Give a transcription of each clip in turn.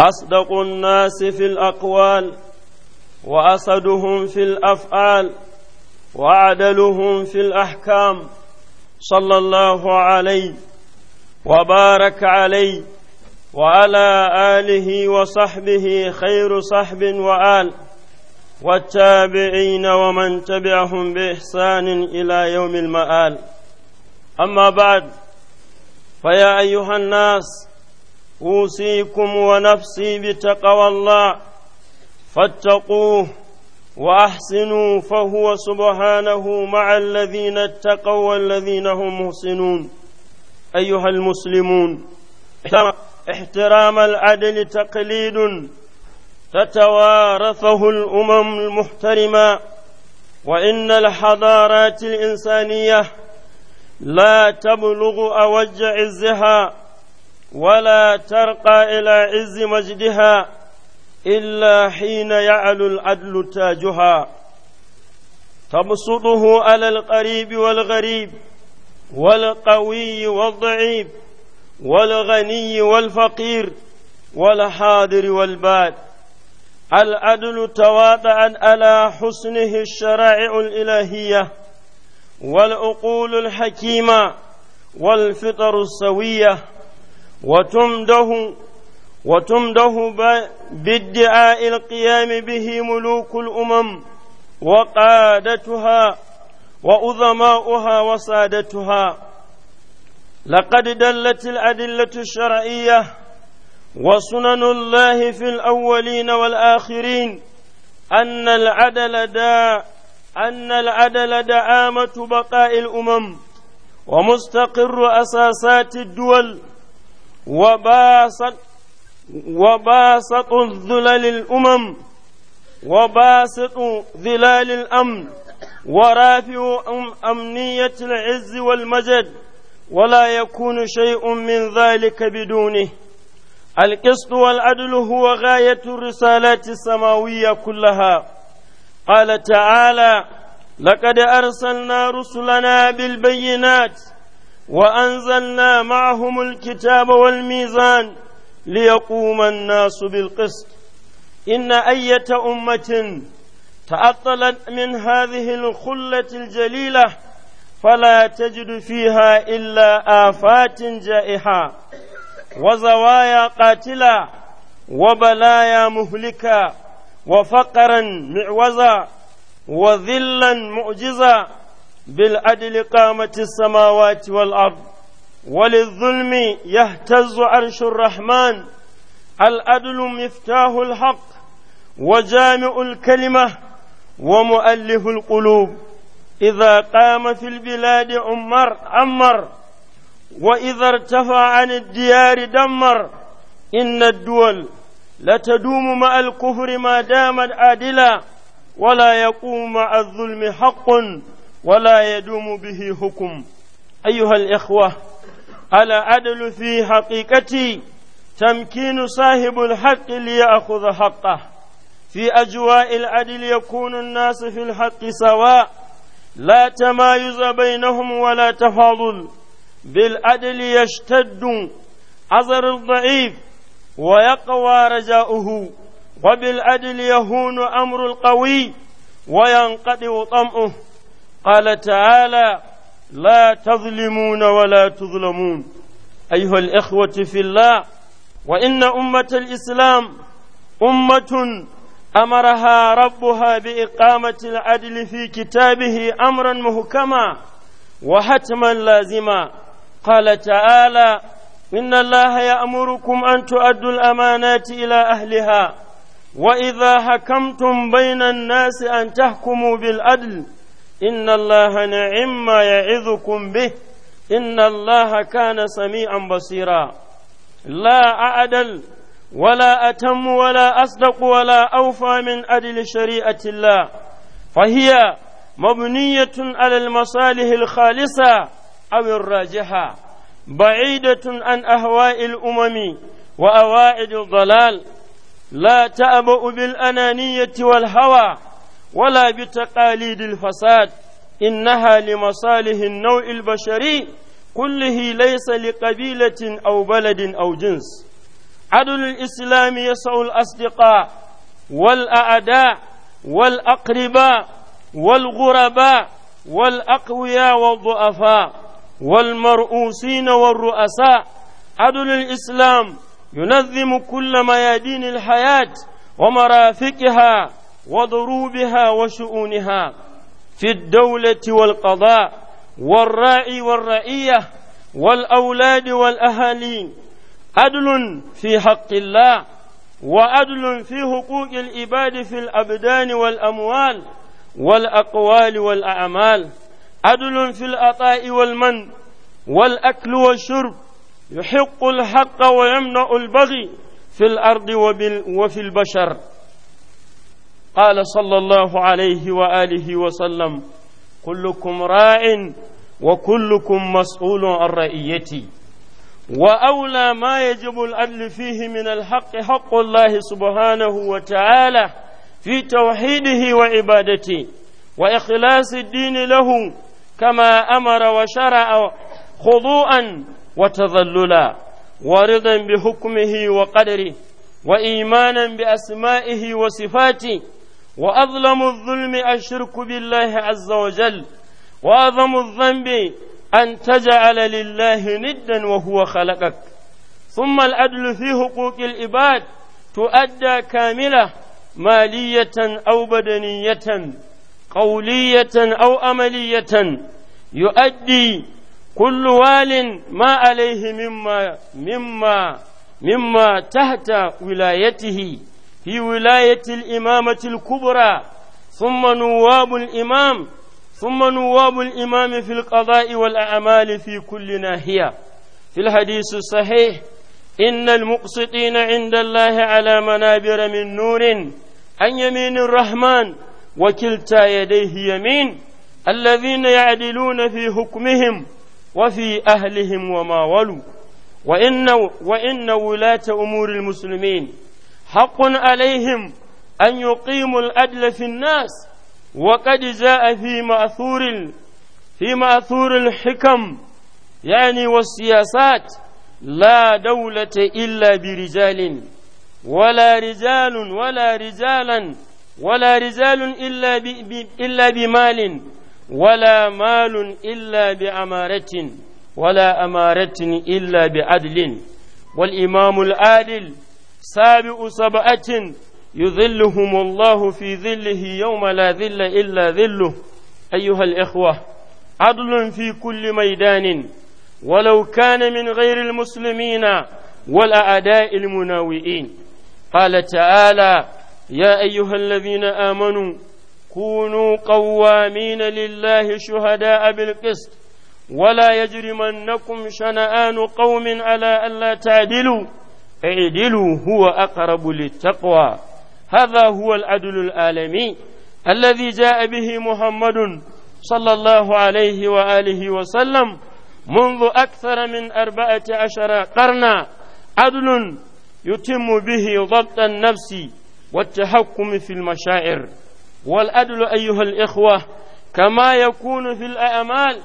أصدق الناس في الأقوال وأسدهم في الأفعال وأعدلهم في الأحكام صلى الله عليه وبارك عليه وعلى آله وصحبه خير صحب وآل والتابعين ومن تبعهم بإحسان إلى يوم المآل أما بعد فيا أيها الناس أوصيكم ونفسي بتقوى الله فاتقوه وأحسنوا فهو سبحانه مع الذين اتقوا والذين هم محسنون أيها المسلمون احترام العدل تقليد تتوارثه الأمم المحترمة وإن الحضارات الإنسانية لا تبلغ أوج عزها ولا ترقى إلى عز مجدها إلا حين يعلو العدل تاجها تبسطه على القريب والغريب والقوي والضعيف والغني والفقير والحاضر والباد العدل تواضعا على حسنه الشرائع الإلهية والعقول الحكيمة والفطر السويه وتمده وتمده بادعاء القيام به ملوك الأمم وقادتها وعظماؤها وسادتها لقد دلت الأدلة الشرعية وسنن الله في الأولين والآخرين أن العدل دا أن العدل دعامة بقاء الأمم ومستقر أساسات الدول وباسط وباسط الذلل الأمم وباسط ظلال الأمن ورافع أمنية العز والمجد ولا يكون شيء من ذلك بدونه القسط والعدل هو غاية الرسالات السماوية كلها قال تعالى لقد أرسلنا رسلنا بالبينات وأنزلنا معهم الكتاب والميزان ليقوم الناس بالقسط إن أية أمة تعطلت من هذه الخلة الجليلة فلا تجد فيها إلا آفات جائحة وزوايا قاتلة وبلايا مهلكة وفقرا معوزا وذلا معجزا بالعدل قامت السماوات والأرض وللظلم يهتز عرش الرحمن العدل مفتاح الحق وجامع الكلمة ومؤلف القلوب إذا قام في البلاد عمر عمر وإذا ارتفع عن الديار دمر إن الدول لتدوم مع الكفر ما دامت عادلا ولا يقوم مع الظلم حق ولا يدوم به حكم أيها الإخوة العدل في حقيقتي تمكين صاحب الحق ليأخذ حقه في أجواء العدل يكون الناس في الحق سواء لا تمايز بينهم ولا تفاضل بالعدل يشتد عذر الضعيف ويقوى رجاؤه وبالعدل يهون أمر القوي وينقطع طمعه قال تعالى لا تظلمون ولا تظلمون أيها الإخوة في الله وإن أمة الإسلام أمة أمرها ربها بإقامة العدل في كتابه أمرا مهكما وحتما لازما قال تعالى إن الله يأمركم أن تؤدوا الأمانات إلى أهلها وإذا حكمتم بين الناس أن تحكموا بالعدل إن الله نعم يعظكم به إن الله كان سميعا بصيرا لا أعدل ولا أتم ولا أصدق ولا أوفى من أدل شريعة الله فهي مبنية على المصالح الخالصة أو الراجحة بعيدة عن أهواء الأمم وأواعد الضلال لا تأبأ بالأنانية والهوى ولا بتقاليد الفساد إنها لمصالح النوع البشري كله ليس لقبيلة أو بلد أو جنس عدل الإسلام يسع الأصدقاء والأعداء والأقرباء والغرباء والأقوياء والضعفاء والمرؤوسين والرؤساء عدل الإسلام ينظم كل ميادين الحياة ومرافقها وضروبها وشؤونها في الدولة والقضاء والرائي والرعية والأولاد والأهالين عدل في حق الله وعدل في حقوق العباد في الأبدان والأموال والأقوال والأعمال عدل في العطاء والمن والأكل والشرب يحق الحق ويمنع البغي في الأرض وفي البشر قال صلى الله عليه وآله وسلم كلكم راع وكلكم مسؤول عن رعيتي وأولى ما يجب العدل فيه من الحق حق الله سبحانه وتعالى في توحيده وعبادته وإخلاص الدين له كما أمر وشرع خضوعا وتذللا ورضا بحكمه وقدره وإيمانا بأسمائه وصفاته وأظلم الظلم الشرك بالله عز وجل وأعظم الذنب أن تجعل لله ندا وهو خلقك ثم العدل في حقوق العباد تؤدى كاملة مالية أو بدنية قولية أو عملية يؤدي كل وال ما عليه مما مما مما تحت ولايته في ولاية الإمامة الكبرى ثم نواب الإمام ثم نواب الإمام في القضاء والأعمال في كل ناحية في الحديث الصحيح إن المقسطين عند الله على منابر من نور عن يمين الرحمن وكلتا يديه يمين الذين يعدلون في حكمهم وفي أهلهم وما ولوا وإن, وإن ولاة أمور المسلمين haƙƙun alaihim an yuqimu al nas wa qad a fi ma'thur fi ma'thur al-hikam yani was-siyasat la dawlata illa bi rijalin ولا رجال ولا رجالا ولا رجال إلا, إلا بمال ولا مال إلا بأمارة ولا أمارة إلا بعدل والإمام العادل سابع سبعة يذلهم الله في ذله يوم لا ذل إلا ذله أيها الإخوة عدل في كل ميدان ولو كان من غير المسلمين والأعداء المناوئين قال تعالى يا أيها الذين آمنوا كونوا قوامين لله شهداء بالقسط ولا يجرمنكم شنآن قوم على ألا تعدلوا اعدلوا هو أقرب للتقوى هذا هو العدل العالمي الذي جاء به محمد صلى الله عليه وآله وسلم منذ أكثر من أربعة عشر قرنا عدل يتم به ضبط النفس والتحكم في المشاعر والعدل أيها الإخوة كما يكون في الأعمال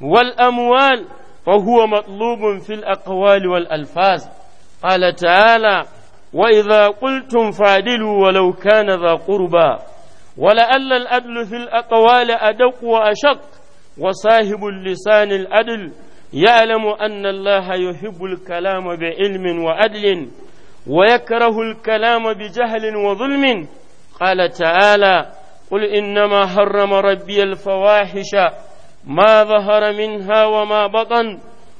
والأموال فهو مطلوب في الأقوال والألفاظ قال تعالى وإذا قلتم فعدلوا ولو كان ذا قربى ولألا الأدل في الأقوال أدق وأشق وصاحب اللسان الأدل يعلم أن الله يحب الكلام بعلم وأدل ويكره الكلام بجهل وظلم قال تعالى قل إنما حرم ربي الفواحش ما ظهر منها وما بطن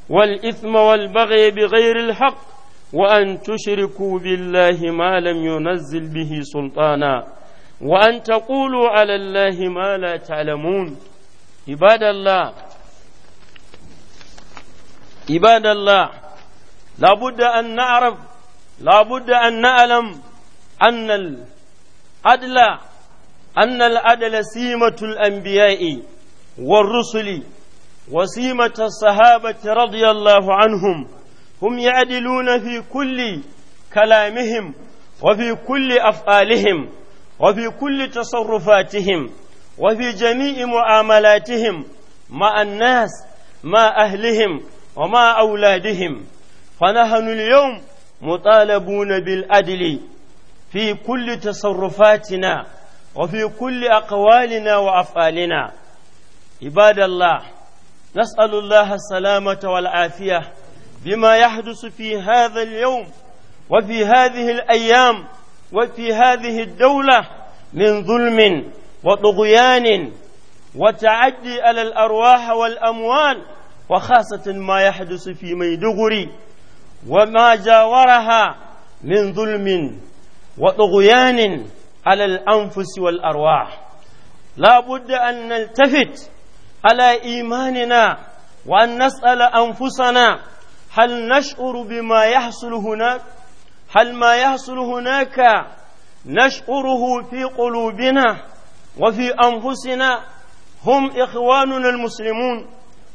والإثم والبغي بغير الحق وأن تشركوا بالله ما لم ينزل به سلطانا وأن تقولوا على الله ما لا تعلمون عباد الله عباد الله لابد أن نعرف لابد أن نعلم أن العدل أن العدل سيمة الأنبياء والرسل وسيمة الصحابة رضي الله عنهم هم يعدلون في كل كلامهم وفي كل أفعالهم وفي كل تصرفاتهم وفي جميع معاملاتهم مع الناس مع أهلهم ومع أولادهم فنحن اليوم مطالبون بالعدل في كل تصرفاتنا وفي كل أقوالنا وأفعالنا عباد الله نسأل الله السلامة والعافية بما يحدث في هذا اليوم وفي هذه الأيام وفي هذه الدولة من ظلم وطغيان وتعدي على الأرواح والأموال وخاصة ما يحدث في ميدغري وما جاورها من ظلم وطغيان على الأنفس والأرواح لا بد أن نلتفت على إيماننا وأن نسأل أنفسنا هل نشعر بما يحصل هناك هل ما يحصل هناك نشعره في قلوبنا وفي أنفسنا هم إخواننا المسلمون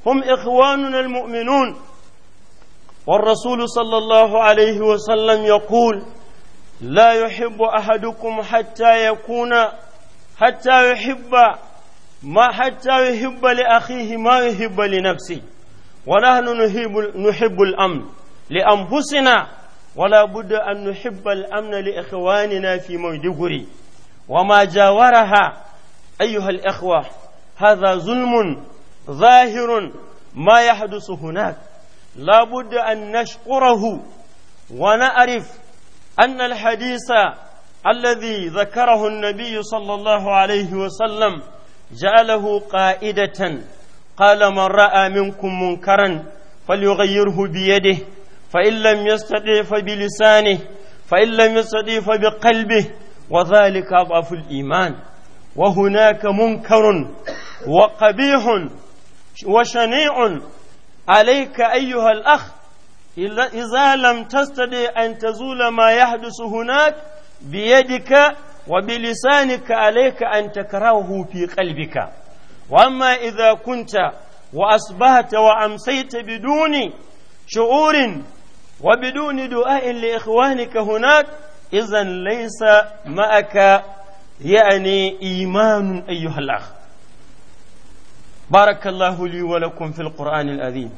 هم إخواننا المؤمنون والرسول صلى الله عليه وسلم يقول لا يحب أحدكم حتى يكون حتى يحب ما حتى يحب لأخيه ما يحب لنفسه ونحن نحب نحب الامن لانفسنا ولا بد ان نحب الامن لاخواننا في ميدوغوري وما جاورها ايها الاخوه هذا ظلم ظاهر ما يحدث هناك لا بد ان نشكره ونعرف ان الحديث الذي ذكره النبي صلى الله عليه وسلم جعله قائده قال من رأى منكم منكرا فليغيره بيده فإن لم يستطع فبلسانه فإن لم يستطع فبقلبه وذلك أضعف الإيمان وهناك منكر وقبيح وشنيع عليك أيها الأخ إذا لم تستطع أن تزول ما يحدث هناك بيدك وبلسانك عليك أن تكرهه في قلبك وأما إذا كنت وأصبحت وأمسيت بدون شعور وبدون دعاء لإخوانك هناك إذا ليس معك يعني إيمان أيها الأخ بارك الله لي ولكم في القرآن العظيم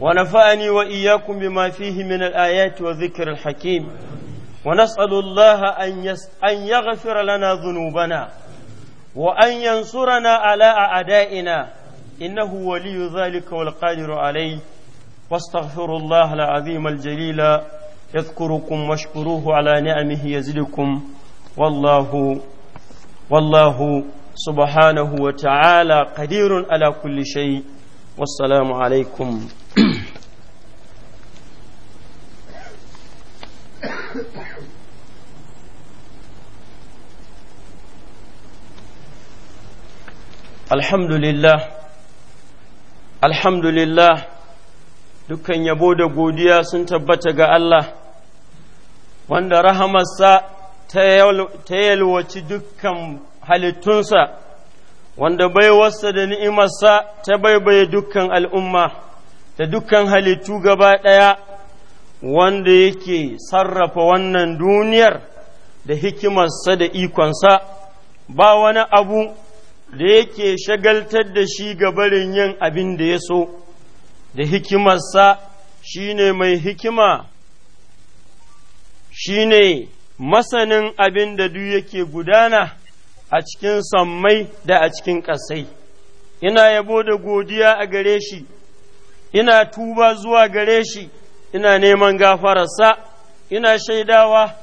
ونفعني وإياكم بما فيه من الآيات والذكر الحكيم ونسأل الله أن يغفر لنا ذنوبنا wa an yansurana ala a ada'ina innahu waliyu zalika wal qadiru alai wastaghfirullah al azim al jalila yadhkurukum washkuruhu ala ni'amihi yazidukum wallahu wallahu subhanahu wa ta'ala qadirun ala kulli shay wassalamu alaikum الحمد alhamdulillah الحمد dukkan yabo da godiya sun tabbata ga Allah wanda rahamarsa ta yalwaci dukkan halittunsa wanda baiwarsa da ni'imarsa ta baibaye dukkan al'umma da dukkan halittu gaba ɗaya wanda yake sarrafa wannan duniyar da hikimarsa da ikonsa ba wani abu da yake shagaltar da shi ga barin yin abin da ya so, da hikimarsa shi ne mai hikima, shi ne masanin abin da duk yake gudana a cikin sammai da a cikin ƙasai. Ina yabo da godiya a gare shi, ina tuba zuwa gare shi, ina neman gafararsa, ina shaidawa,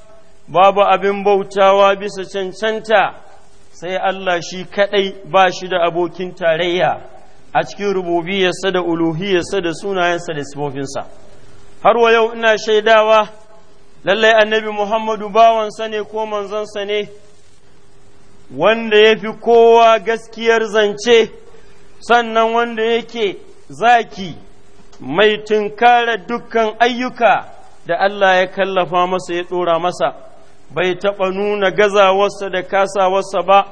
babu abin bautawa bisa cancanta. sai Allah shi kaɗai ba shi da abokin tarayya a cikin rububiyarsa da uluhiyarsa da sunayensa da sifofinsa har wa yau ina shaidawa lallai annabi Muhammadu bawansa ne ko manzansa ne wanda ya fi kowa gaskiyar zance sannan wanda yake zaki mai tunkara dukkan ayyuka da Allah ya kallafa masa ya ɗora masa bai taɓa nuna gazawarsa da kasawarsa ba,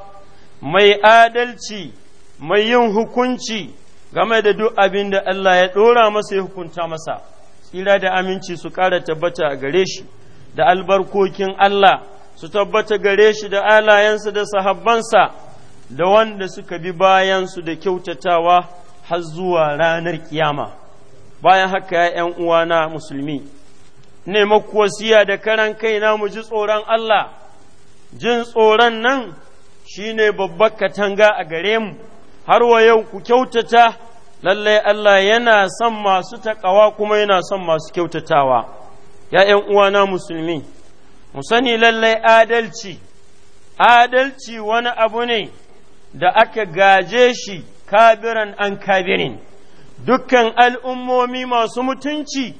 mai adalci, mai yin hukunci game da duk abin da Allah ya ɗora masa ya hukunta masa, tsira da aminci su ƙara tabbata a gare shi, da albarkokin Allah su tabbata gare shi da alayensa da sahabbansa, da wanda suka bi bayansu da kyautatawa har zuwa ranar kiyama. Bayan haka ya ’yan uwana musulmi. ne maku da karan kaina mu ji tsoron Allah, jin tsoron nan shi ne babbar katanga a gare mu, har wa yau ku kyautata, lallai Allah yana son masu taƙawa kuma yana son masu kyautatawa, ‘ya'yan uwana musulmi, mu sani lallai adalci, adalci wani abu ne da aka gaje shi kabiran an kabirin, dukkan al'ummomi masu mutunci.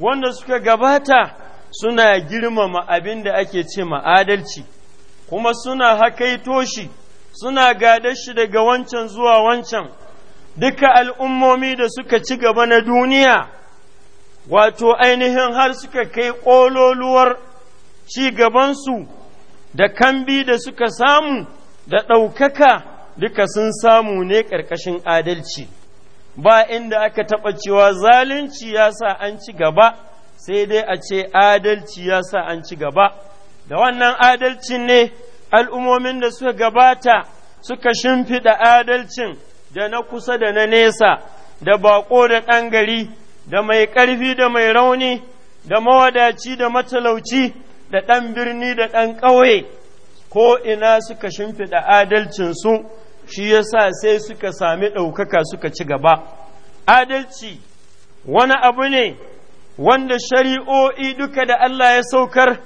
wanda suka gabata suna girmama abin da ake ce adalci kuma suna hakaito shi suna gada shi daga wancan zuwa wancan duka al'ummomi da suka ci gaba na duniya wato ainihin har suka kai ƙololuwar ci gabansu da kambi da suka samu da ɗaukaka duka sun samu ne ƙarƙashin adalci. ba inda aka taɓa cewa zalunci ya sa an ci gaba sai dai a ce adalci ya sa an ci gaba da wannan adalci ne al'ummomin da suka gabata suka shimfiɗa adalcin da na kusa da na nesa da baƙo da ɗan gari da mai ƙarfi da mai rauni da mawadaci da matalauci da ɗan birni da ɗan ƙauye ko ina suka shimfiɗa adalcinsu shi yasa sai suka sami ɗaukaka suka ci gaba adalci wani abu ne wanda shari'o'i duka da Allah ya saukar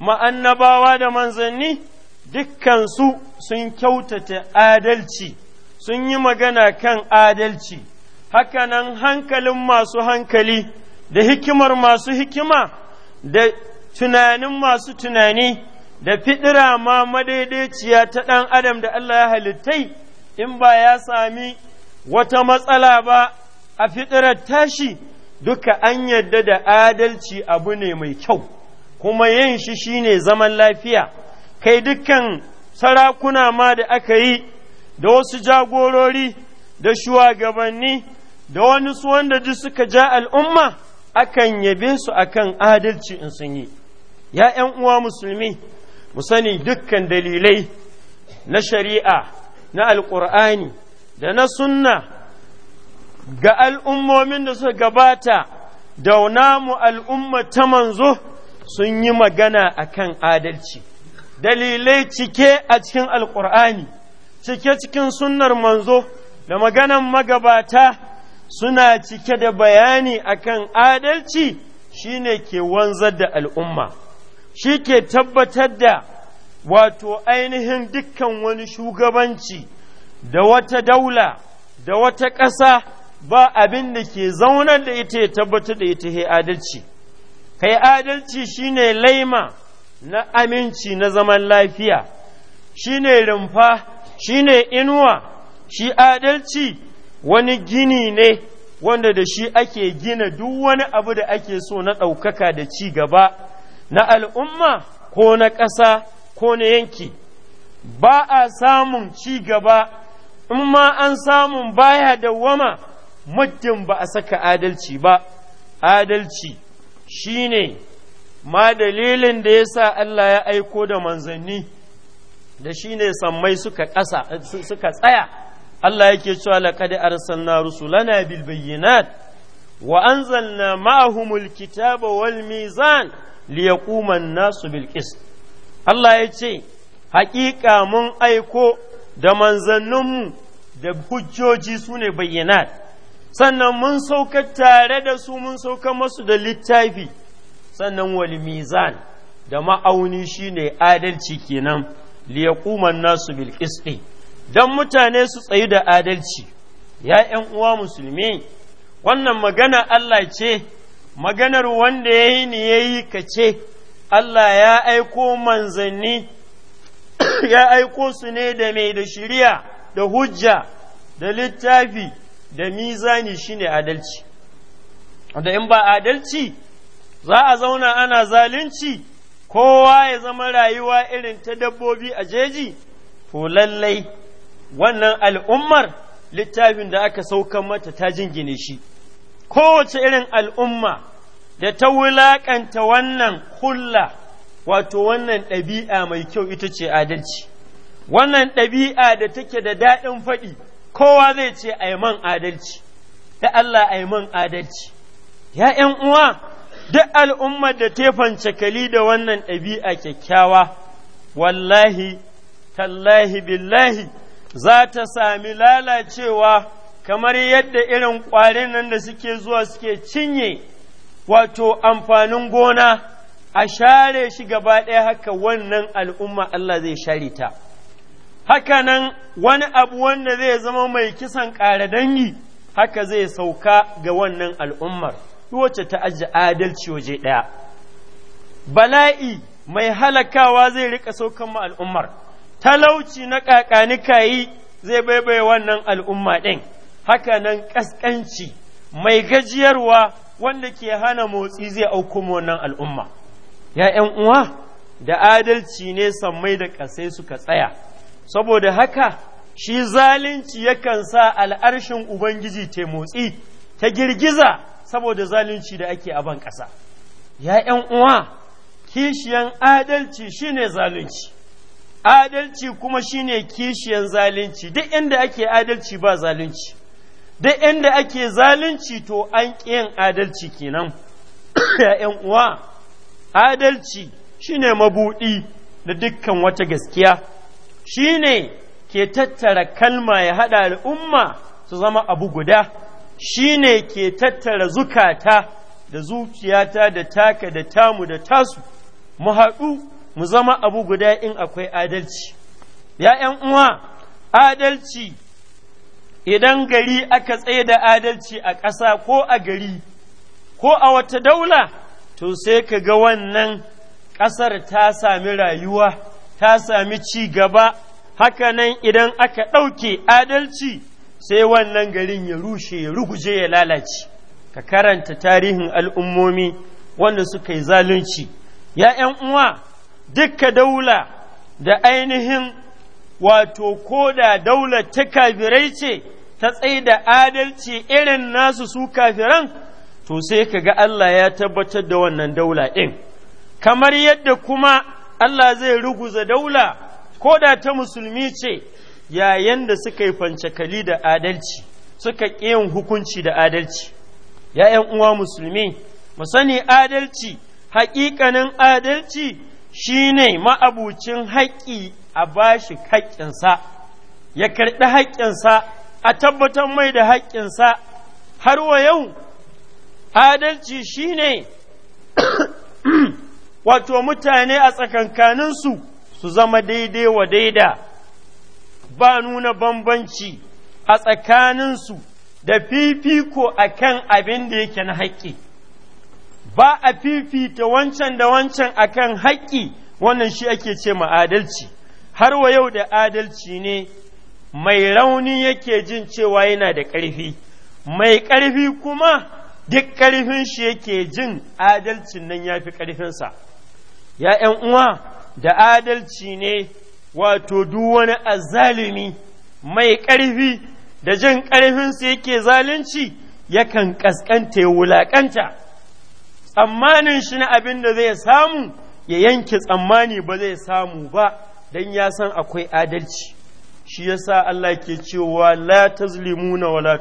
ma'annabawa da manzanni dukkansu sun kyautata adalci sun yi magana kan adalci hakanan hankalin masu hankali da hikimar masu hikima da tunanin masu tunani da fidira ma madaidaiciya ta ɗan adam da Allah ya halittai in ba ya sami wata matsala ba a fitarar tashi duka an yadda da adalci abu ne mai kyau kuma yin shi shine zaman lafiya kai dukkan sarakuna ma da aka yi da wasu jagorori da shugabanni da wani su wanda duk suka ja al'umma akan yabe su akan adalci in sun yi ya ‘yan uwa musulmi mu sani dukkan dalilai na shari'a na alƙur'ani da na sunna ga al'ummomin da suka gabata da namu al'umma ta manzo sun yi magana a kan adalci dalilai cike a cikin alƙur'ani cike cikin sunnar manzo da maganan magabata suna cike da bayani akan adalci shine ke wanzar da al'umma shi ke tabbatar da wato ainihin dukkan wani shugabanci da wata daula da wata ƙasa ba abin da ke zaunar da ita ya tabbatar da ita he adalci kai adalci shine laima na aminci na zaman lafiya Shi ne rumfa shi ne inuwa shi adalci wani gini ne wanda da shi ake gina duk wani abu da ake so na ɗaukaka da ci gaba na al'umma ko na ƙasa ko na yanki ba a samun ci gaba in ma an samun baya da wama muddin ba a saka adalci ba adalci shine ma dalilin da ya sa Allah ya aiko da manzanni da shine sammai suka ƙasa suka tsaya Allah yake cewa laqad arsalna rusulana bil bayyinat wa anzalna ma'ahumul kitaba wal mizan liyaquman nasu bil qist Allah ya ce, Haƙiƙa mun aiko da manzanninmu da hujjoji su ne bayyana, sannan mun sauka tare da su mun sauka masu da littafi, sannan wani mizan da ma'auni shi ne adalci kenan, liyakuman nasu bil don mutane su tsayi da adalci, ya uwa musulmi, wannan magana Allah ce, maganar wanda ya yi ni ya yi ka ce, Allah ya aiko manzanni, ya aiko su ne da mai da shiriya, da hujja, da littafi, da mizani shine adalci. Da in ba adalci, za a zauna ana zalunci, kowa ya zama rayuwa irin ta dabbobi a jeji, to lallai wannan al'ummar littafin da aka saukan mata ta jingine shi. Kowace irin al'umma da ta wulaƙanta wannan hulla wato wannan ɗabi'a mai kyau ita ce adalci wannan ɗabi'a da take da daɗin faɗi kowa zai ce aiman adalci da Allah aiman adalci ya ’yan uwa duk al'ummar da tefance kali da wannan ɗabi'a kyakkyawa wallahi tallahi billahi za ta sami lalacewa kamar yadda irin ƙwarin nan da suke zuwa suke cinye wato amfanin gona a share shi gaba ɗaya haka wannan al'umma Allah zai share ta. Haka nan wani abu wanda zai zama mai kisan ƙara dangi haka zai sauka ga wannan al'ummar, wacce ta aji adalci waje ɗaya. Bala'i mai halakawa zai riƙa saukan ma al'ummar, talauci na ƙaƙanikayi zai baibaye wannan al'umma ɗin, haka nan ƙasƙanci mai gajiyarwa wanda ke hana motsi zai auko wannan al'umma 'ya'yan uwa da adalci ne sammai da ƙasai suka tsaya saboda haka shi zalunci yakan sa al'arshin ubangiji ta motsi ta girgiza saboda zalunci da ake a ban ƙasa 'ya'yan uwa kishiyan adalci shine zalunci adalci kuma shine kishiyan zalunci duk inda ake adalci ba zalunci duk inda ake zalunci to an ƙiyan adalci kenan ‘yan uwa adalci shine mabuɗi da dukkan wata gaskiya shine ke tattara kalma ya haɗa al'umma su zama abu guda shine ke tattara zukata da zuciyata da taka da tamu da tasu mu haɗu mu zama abu guda in akwai adalci Ya'yan uwa adalci idan gari aka tsaye da adalci a ƙasa ko a gari ko a wata daula to sai ka ga wannan ƙasar ta sami rayuwa ta sami ci gaba Haka nan idan aka ɗauke adalci sai wannan garin ya rushe ya ruguje ya lalace ka karanta tarihin al'ummomi wanda suka yi zalunci ya ’yan uwa dukka daula da ainihin wato ko da daular ta kafirai ce ta tsaye da adalci irin nasu su kafiran to sai ka ga Allah ya tabbatar da wannan daula ɗin kamar yadda kuma Allah zai ruguza daula ko da ta musulmi ce yayin da suka yi fancakali da adalci suka yin hukunci da adalci ‘ya'yan uwa musulmi mu sani adalci haƙiƙanin adalci shine ma'abucin haƙƙi a ba shi haƙƙinsa ya karɓi haƙƙinsa a tabbatar mai da haƙƙinsa har wa yau adalci shi ne wato mutane a tsakankaninsu su zama daidai wa daida ba nuna bambanci a tsakaninsu da fifiko a kan abin da yake na haƙƙi ba a fifita wancan da wancan a kan haƙƙi wannan shi ake ce ma adalci har wa yau da adalci ne mai rauni yake jin cewa yana da ƙarfi mai ƙarfi kuma duk ƙarfin shi yake jin adalcin nan ya fi ƙarfinsa ‘ya'yan uwa da adalci ne wato duk wani azalimi mai ƙarfi da jin ƙarfinsa yake zalunci yakan ƙasƙanta ya wulaƙanta tsammanin shi na abin da zai samu ya yanke tsammani ba zai samu ba dan ya san akwai adalci shi yasa Allah ke cewa la tazlimuna wa la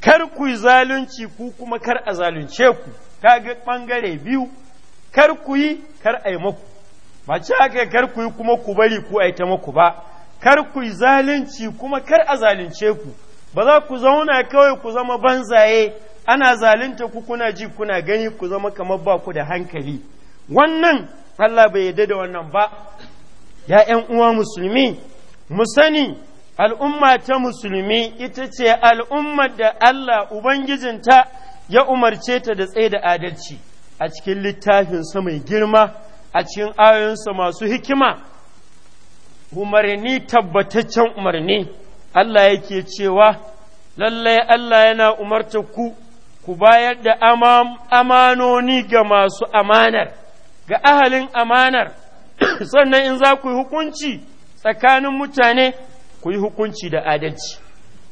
kar ku yi zalunci ku kuma kar a zalunce ku kaga ɓangare biyu kar ku yi kar a yi maku ba ce haka kar ku yi kuma ku bari ku a ta maku ba kar ku yi zalunci kuma kar a zalunce ku ba za ku zauna kawai ku zama banzaye ana zalunta ku kuna ji kuna gani ku zama kamar ba ku da hankali wannan Allah bai yarda da wannan ba ya ‘yan uwa musulmi, musani al'umma ta musulmi ita ce al'ummar da Allah Ubangijinta ya umarce ta da tsaye da adalci a cikin littafinsa mai girma, a cikin ayoyinsa masu hikima, umarni tabbataccen umarni, Allah yake cewa, lallai Allah yana umarta ku, ku bayar da amanoni ga masu amanar, ga ahalin amanar. sannan in za ku yi hukunci tsakanin mutane ku yi hukunci da adalci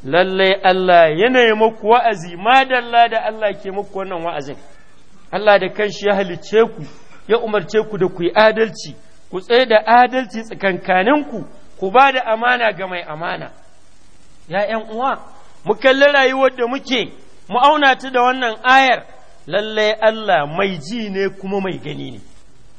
lallai Allah yanayi muku wa'azi ma da Allah ke muku wannan wa'azin Allah da kanshi ya halicce ku ya umarce ku da ku yi adalci ku tsaye da adalci tsakankaninku ku ba da amana ga mai amana Ya'yan uwa mu kalli rayuwar da muke mu auna ta da wannan ayar lallai Allah mai ji ne kuma mai gani ne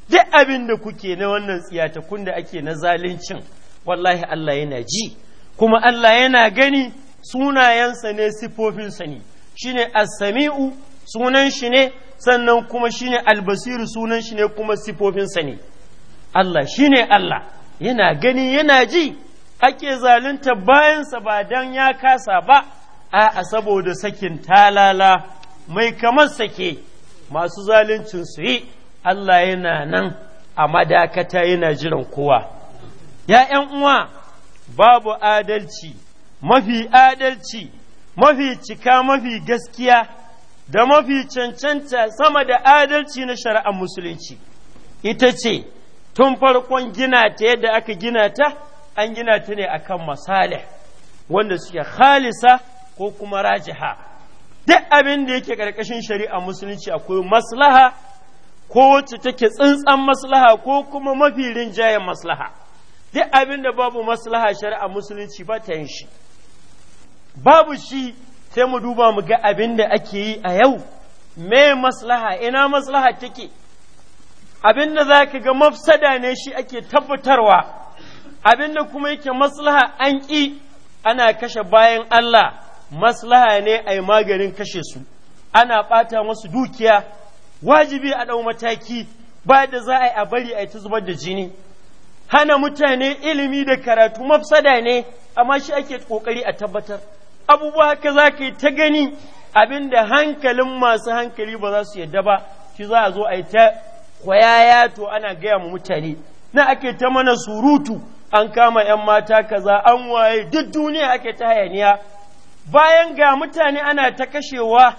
duk abin da kuke na wannan tsiyatakun da ake na zalincin wallahi Allah yana ji kuma Allah yana gani sunayensa ne sifofinsa ne shine as-sami'u sunan shi ne sannan kuma shine albasiru sunan shi ne kuma sifofinsa ne Allah shine Allah yana gani yana ji ake zalunta bayansa ba dan ya kasa ba a'a saboda sakin talala mai kamar sake masu zaluncin su yi Allah yana nan a madakata yana jiran kowa ya uwa babu adalci mafi adalci mafi cika mafi gaskiya da mafi cancanta sama da adalci na shari'ar musulunci ita ce tun farkon gina ta yadda aka gina ta an gina ta ne akan masalih wanda suke khalisa ko kuma rajiha duk abin da yake ƙarƙashin shari'a musulunci akwai maslaha ko wacce take tsintsan maslaha ko kuma mafi rinjayen maslaha duk abin da babu maslaha shari'a musulunci ba ta yin shi babu shi sai mu duba mu ga abin da ake yi a yau me maslaha ina maslaha take abin da za ka ga mafsada ne shi ake tabbatarwa abin da kuma yake maslaha an ƙi ana kashe bayan Allah maslaha ne a maganin kashe su ana ɓata masu dukiya wajibi a ɗau mataki ba da za a yi a bari a yi ta zubar da jini hana mutane ilimi da karatu mafsada ne amma shi ake ƙoƙari a tabbatar abubuwa haka za ka yi ta gani abinda da hankalin masu hankali ba za su yadda ba Ki za a zo a yi ta kwayaya to ana gaya mu mutane na ake ta mana surutu an kama 'yan mata kaza an waye duk duniya ake ta hayaniya bayan ga mutane ana ta kashewa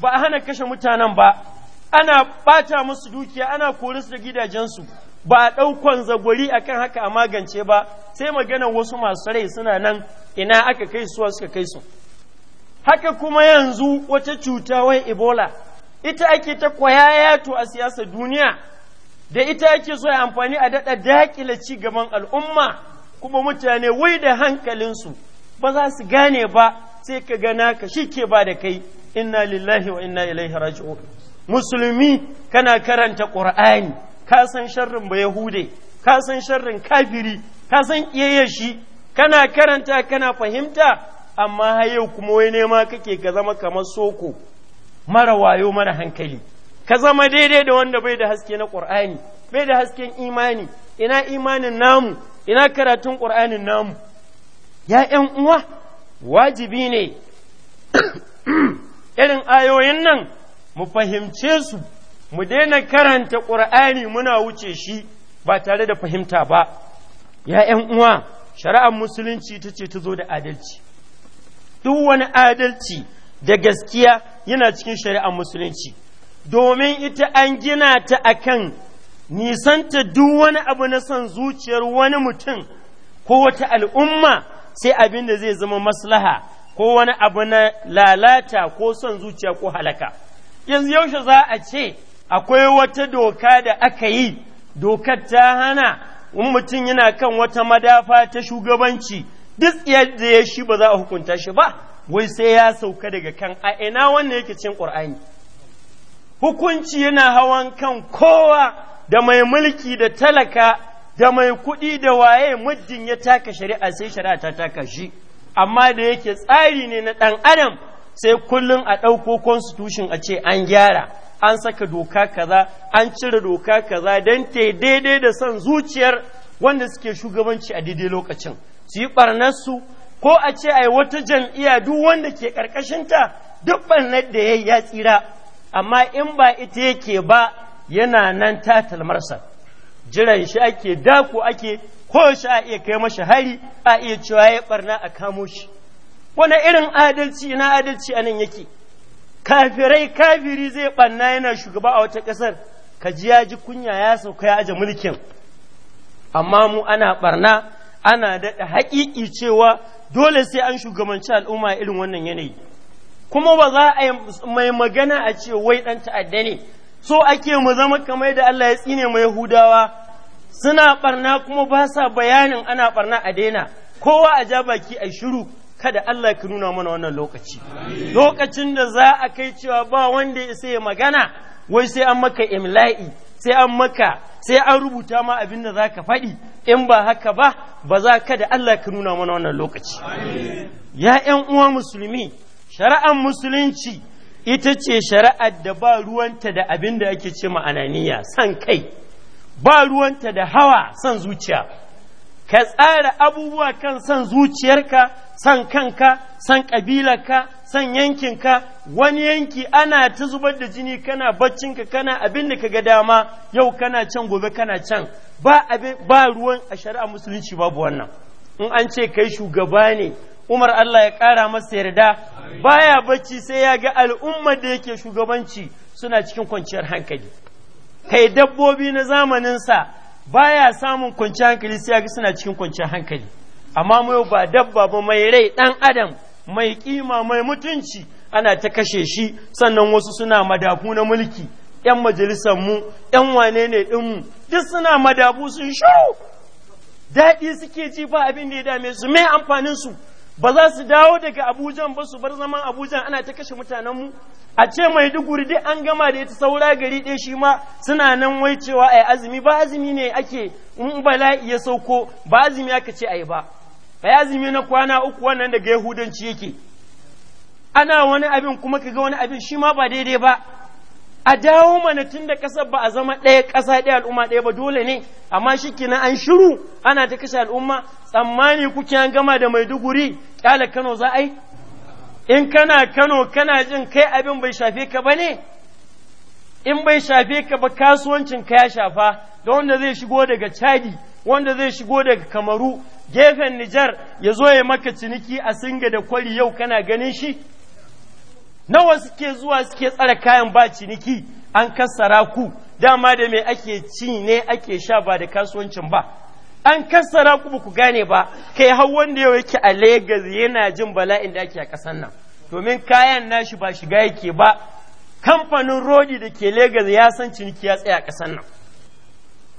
ba a hana kashe mutanen ba ana ɓata musu dukiya ana kori su da gidajensu ba a ɗaukan zagwari akan haka a magance ba sai magana wasu masu rai suna nan ina aka kai su suka kai su haka kuma yanzu wata cuta wai ebola ita ake ta kwayayato a siyasar duniya da ita ake so ya amfani a daɗa daƙila ci gaban al'umma kuma mutane wai da hankalinsu ba za su gane ba sai ka gana ka shi ke ba da kai inna lillahi wa inna ilaihi raji'un musulmi kana karanta ƙur'ani ka san sharrin ba yahude ka san sharrin kafiri ka san iyaye shi kana karanta kana fahimta amma har yau kuma wai nema kake ka zama kamar soko mara wayo mara hankali ka zama daidai da wanda bai da haske na ƙur'ani bai da hasken imani ina imanin namu ina karatun ƙur'anin namu ya ’yan uwa wajibi ne irin ayoyin nan mu fahimce su mu daina karanta ƙur'ani muna wuce shi ba tare da fahimta ba ya ‘yan uwa shari'ar musulunci ta ce ta zo da adalci duk wani adalci da gaskiya yana cikin shari'ar musulunci domin ita an gina ta akan nisanta duk wani abu na son zuciyar wani mutum ko wata al'umma sai abin da zai zama maslaha ko wani abu na lalata ko son zuciya ko halaka yanzu yaushe za a ce akwai wata doka da aka yi dokar ta hana in mutum yana kan wata madafa ta shugabanci duk yadda ya shi ba za a hukunta shi ba wai sai ya sauka daga kan aina ina wannan yake cin ƙur'ani hukunci yana hawan kan kowa da mai mulki da talaka da mai kuɗi da waye muddin ya taka shari'a sai shari'a ta taka shi amma da yake tsari ne na ɗan adam sai kullum a ɗauko constitution a ce an gyara an saka doka kaza an cire doka kaza don ta daidai da son zuciyar wanda suke shugabanci a daidai lokacin su yi ɓarnarsu ko a ce a wata jam'iyya duk wanda ke ƙarƙashinta duk ɓarnar da ya yi ya tsira amma in ba ita yake ba yana nan ta talmarsa jiran shi ake dako ake ko shi a iya kai mashi hari a iya cewa ya ɓarna a kamo shi wani irin adalci na adalci a nan yake kafirai kafiri zai ɓanna yana shugaba a wata ƙasar ka ji ya ji kunya ya sauka ya aje mulkin amma mu ana ɓarna ana daɗa haƙiƙi cewa dole sai an shugabanci al'umma irin wannan yanayi kuma ba za a mai magana a ce wai ɗan ta'adda ne so ake mu zama kamar da Allah ya tsine mai Yahudawa suna ɓarna kuma ba sa bayanin ana ɓarna a daina kowa a ja baki a shiru kada Allah ka nuna mana wannan lokaci lokacin da za a kai cewa ba wanda ya isa ya magana wai sai an maka imla'i sai an maka sai an rubuta ma abin da za ka faɗi in ba haka ba ba za ka da Allah ka nuna mana wannan lokaci ya uwa musulmi shari'ar musulunci ita ce shari'ar da ba ruwanta da abin da ake ce ma ananiya san kai ba ruwanta da hawa san zuciya ka tsara abubuwa kan son zuciyarka son kanka son ƙabilarka son yankinka wani yanki ana ta zubar da jini kana baccinka kana abin da ka ga dama yau kana can gobe kana can ba ba ruwan a shari'a musulunci babu wannan in an ce kai shugaba ne umar Allah ya ƙara masa yarda baya bacci sai ya ga al'ummar da yake shugabanci suna cikin kwanciyar hankali kai dabbobi na zamanin sa. baya samun kwanciyar hankali sai ga suna cikin kwanciyar hankali amma mu ba dabba ba mai rai dan adam mai kima mai mutunci ana ta kashe shi sannan wasu suna madafu na mulki yan majalisar mu yan wane ne dinmu duk suna madafu sun shu daɗi suke ji ba abin da ya dame su mai amfanin su ba za su dawo daga abujan ba su bar zaman abujan ana ta kashe mutanenmu a ce mai duguri duk an gama da ita saura gari ɗaya shi ma suna nan wai cewa ai azumi ba azumi ne ake in bala'i ya sauko ba azumi aka ce ai ba ai azumi na kwana uku wannan daga yahudanci yake ana wani abin kuma kaga wani abin shi ma ba daidai ba a dawo mana tun da ƙasar ba a zama ɗaya ƙasa ɗaya al'umma ɗaya ba dole ne amma shi kina an shiru ana ta kashe al'umma tsammani kuke an gama da maiduguri ƙyala kano za a yi in kana kano kana jin kai abin bai shafe ka ba ne in bai shafe ka ba kasuwancin ka ya shafa da wanda zai shigo daga chadi wanda zai shigo daga kamaru gefen nijar ya zo ya maka ciniki a singa da kwari yau kana ganin shi nawa suke zuwa suke tsara kayan ba ciniki an kassara ku dama da me ake ci ne ake sha ba da kasuwancin ba an kassara ku ba ku gane ba kai har wanda yau yake a Legas yana jin bala'in da ake a kasan nan domin kayan nashi ba shiga yake ba kamfanin rodi da ke Legas ya san ciniki ya tsaya a kasan nan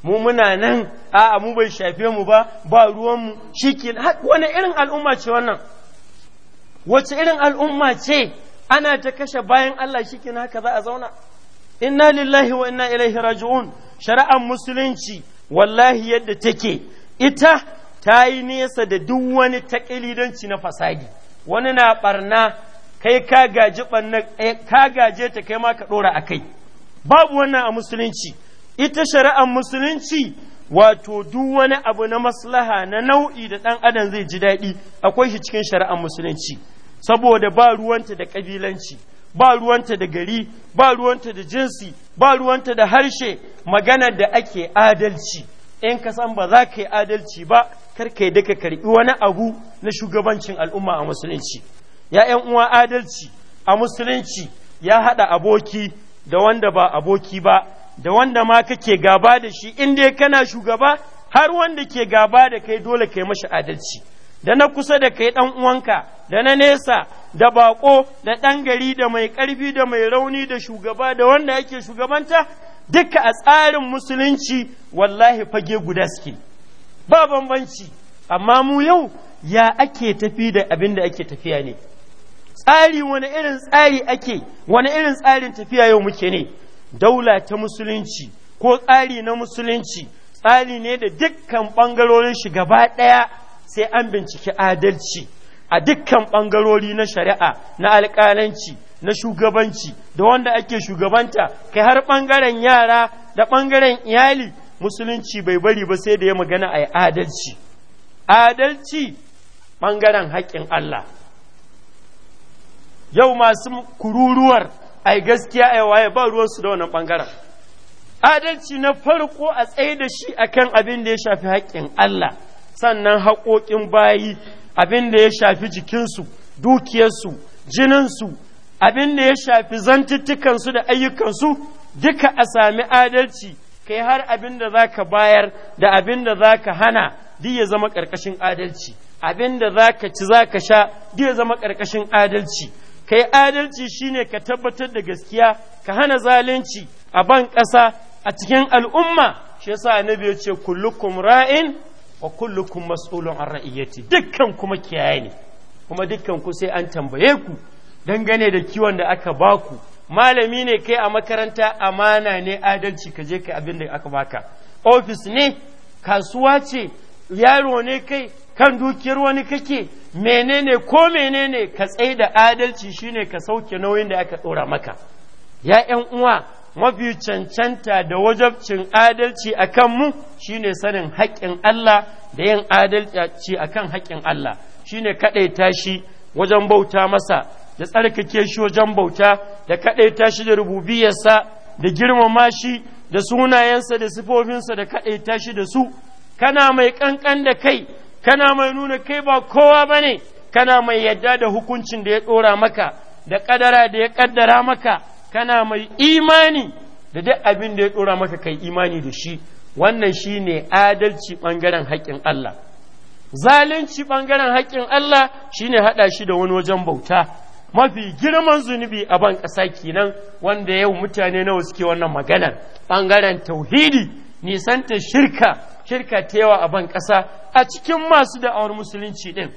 mu muna nan a'a mu bai shafe mu ba ba ruwanmu shikin wani irin al'umma ce wannan wace irin al'umma ce ana ta kashe bayan Allah shikin haka za a zauna inna lillahi wa inna ilaihi raji'un shari'ar musulunci wallahi yadda take ita ta yi nesa da duk wani takilidanci na fasadi wani na barna kai ka gaji barna eh, ka gaje ta kai ma ka dora a kai babu wannan a musulunci ita shari'ar musulunci wato duk wani abu na maslaha na nau'i da ɗan adam zai ji daɗi akwai shi cikin shari'ar musulunci saboda ba ruwanta da ƙabilanci ba ruwanta da gari ba ruwanta da jinsi ba ruwanta da harshe magana da ake adalci in ka san ba za ka yi adalci ba kar ka da ka karbi wani abu na shugabancin al'umma a musulunci ya yan uwa adalci a musulunci ya haɗa aboki da wanda ba aboki ba da wanda ma kake gaba da shi in dai kana shugaba har wanda ke gaba da kai dole kai mashi adalci da na kusa da kai ɗan uwanka da na nesa da baƙo da ɗan gari da mai ƙarfi da mai rauni da shugaba da wanda yake shugabanta duka a tsarin musulunci wallahi fage guda suke ba bambanci amma mu yau ya ake tafi da abin da ake tafiya ne tsari wani irin tsari ake wani irin tsarin tafiya yau muke ne daula ta musulunci ko tsari na musulunci tsari ne da dukkan ɓangarorin shi gaba ɗaya sai an binciki adalci a dukkan ɓangarori na shari'a na alƙalanci na shugabanci da wanda ake shugabanta kai har ɓangaren yara da ɓangaren iyali musulunci bai bari ba sai da ya magana a adalci adalci ɓangaren haƙƙin Allah yau masu kururuwar ai gaskiya ai waye ba ruwansu da wannan ɓangaren adalci na farko a tsaye da shi akan abin da ya shafi haƙƙin Allah sannan haƙoƙin bayi abin da ya shafi jikinsu dukiyarsu jininsu abin da ya shafi zantuttukansu da ayyukansu duka a sami adalci kai har abin da za ka bayar da abin da za ka hana duk ya zama ƙarƙashin adalci abin da za ka ci za ka sha duk ya zama ƙarƙashin adalci kai adalci shine ka tabbatar da gaskiya ka hana zalunci a ban ƙasa a cikin al'umma shi yasa annabi ya ce kullukum ra'in wa kullukum mas'ulun an ra'iyati dukkan kuma kiyaye ne kuma dukkan ku sai an tambaye ku dangane da kiwon da aka baku malami ne kai a makaranta amana ne adalci ka je kai abin da aka baka ofis ne kasuwa ce yaro ne kai kan dukiyar wani kake menene ko menene ka tsaye da adalci shine ka sauke nauyin da aka ɗora maka ya ‘yan uwa mafi cancanta da wajabcin adalci a kanmu shi ne sanin haƙƙin Allah da yin adalci a kan haƙƙin Allah shi ne kaɗaita shi wajen bauta masa da tsarkake shi wajen bauta da kaɗaita shi da rububiyarsa da girmama shi da sunayensa da sifofinsa da kaɗaita shi da su kana mai ƙanƙan da kai kana mai nuna kai ba kowa ba ne kana mai yadda da hukuncin da ya ɗora maka da ƙadara da ya ƙaddara maka kana mai imani da duk abin da ya ɗora maka kai imani da shi wannan shi ne adalci ɓangaren haƙƙin Allah zalunci ɓangaren haƙƙin Allah shi ne haɗa shi da wani wajen bauta mafi girman zunubi a ban ƙasa kenan wanda yau mutane nawa suke wannan maganar ɓangaren tauhidi nisanta shirka shirka ta yawa a ban ƙasa a cikin masu da'awar musulunci ɗin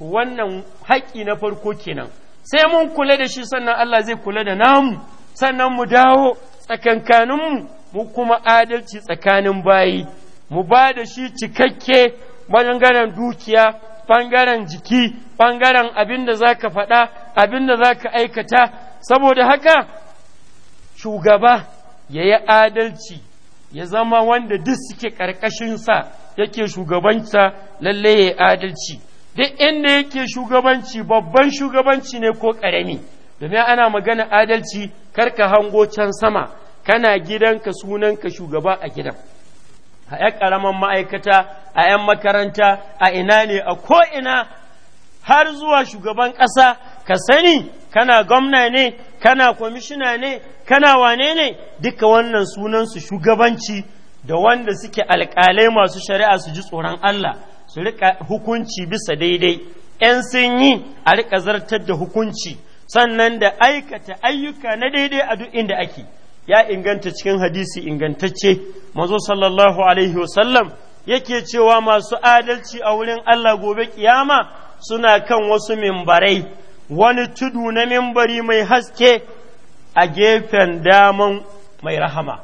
wannan haƙƙi na farko kenan sai mun kula da shi sannan Allah zai kula da namu sannan mu dawo tsakankaninmu mu kuma adalci tsakanin bayi mu ba da shi cikakke ɓangaren dukiya bangaren jiki ɓangaren abin da za ka faɗa abin da za ka aikata saboda haka shugaba ya yi adalci ya zama wanda duk suke ƙarƙashinsa yake shugabanta lalle ya yi adalci duk inda yake shugabanci babban shugabanci ne ko ƙarami domin ana magana adalci karka hango can sama kana gidanka sunanka shugaba a gidan a ‘yan ƙaramin ma'aikata a ‘yan makaranta a ina ne a ko'ina har zuwa shugaban ƙasa ka sani kana gwamna ne kana kwamishina ne kana wane ne duka wannan sunansu shugabanci da wanda suke alƙalai masu shari'a su ji tsoron Allah su rika hukunci bisa daidai ‘yan sun yi a riƙa zartar da hukunci sannan da aikata ayyuka na daidai a duk inda ake ya inganta cikin hadisi ingantacce mazo sallallahu alaihi wasallam yake cewa masu adalci a wurin Allah gobe kiyama suna kan wasu mimbarai wani tudu na mimbari mai haske a gefen daman mai rahama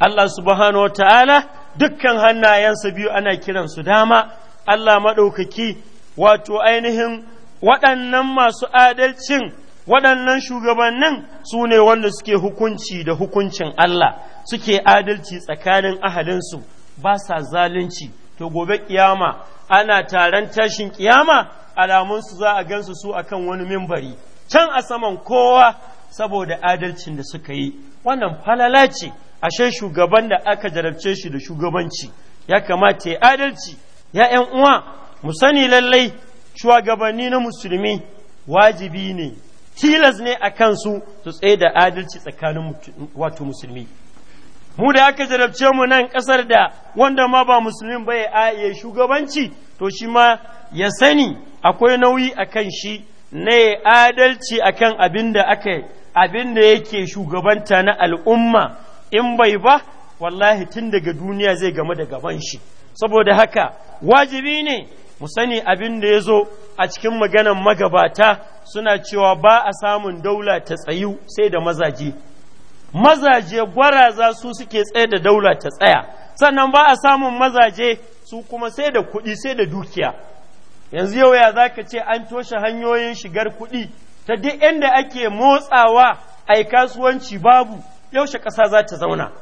Allah subhanahu wa ta'ala dukkan hannayensa biyu ana kiransu dama Allah maɗaukaki wato ainihin waɗannan masu adalcin waɗannan shugabannin su ne wanda suke hukunci da hukuncin Allah suke adalci tsakanin ahalinsu ba sa zalunci to gobe kiyama ana taron tashin kiyama alamunsu za a gansu su a kan wani mimbari can a saman kowa saboda adalcin da suka yi wannan falala ce ashe shugaban da aka jarabce shi da shugabanci ya kamata ya adalci ya uwa mu sani lallai shugabanni na musulmi wajibi ne tilas ne a kansu su tsaye da adalci tsakanin wato musulmi mu da aka jarabce mu nan ƙasar da wanda ma ba musulmin ba ya shugabanci to shi ma ya sani akwai nauyi a kan shi na ya adalci a kan abin da aka abin da yake shugabanta na al'umma in bai ba wallahi tun daga duniya zai game da gaban shi saboda haka wajibi ne mu sani abin da ya zo a cikin maganan magabata suna cewa ba a samun daula ta tsayu sai da mazaje mazaje gwaraza su suke tsaye da daula ta tsaya sannan ba a samun mazaje su kuma sai da kuɗi sai da dukiya yanzu yau ya za ka ce an toshe hanyoyin shigar kuɗi ta duk inda ake motsawa a kasuwanci babu yaushe ƙasa za ta zauna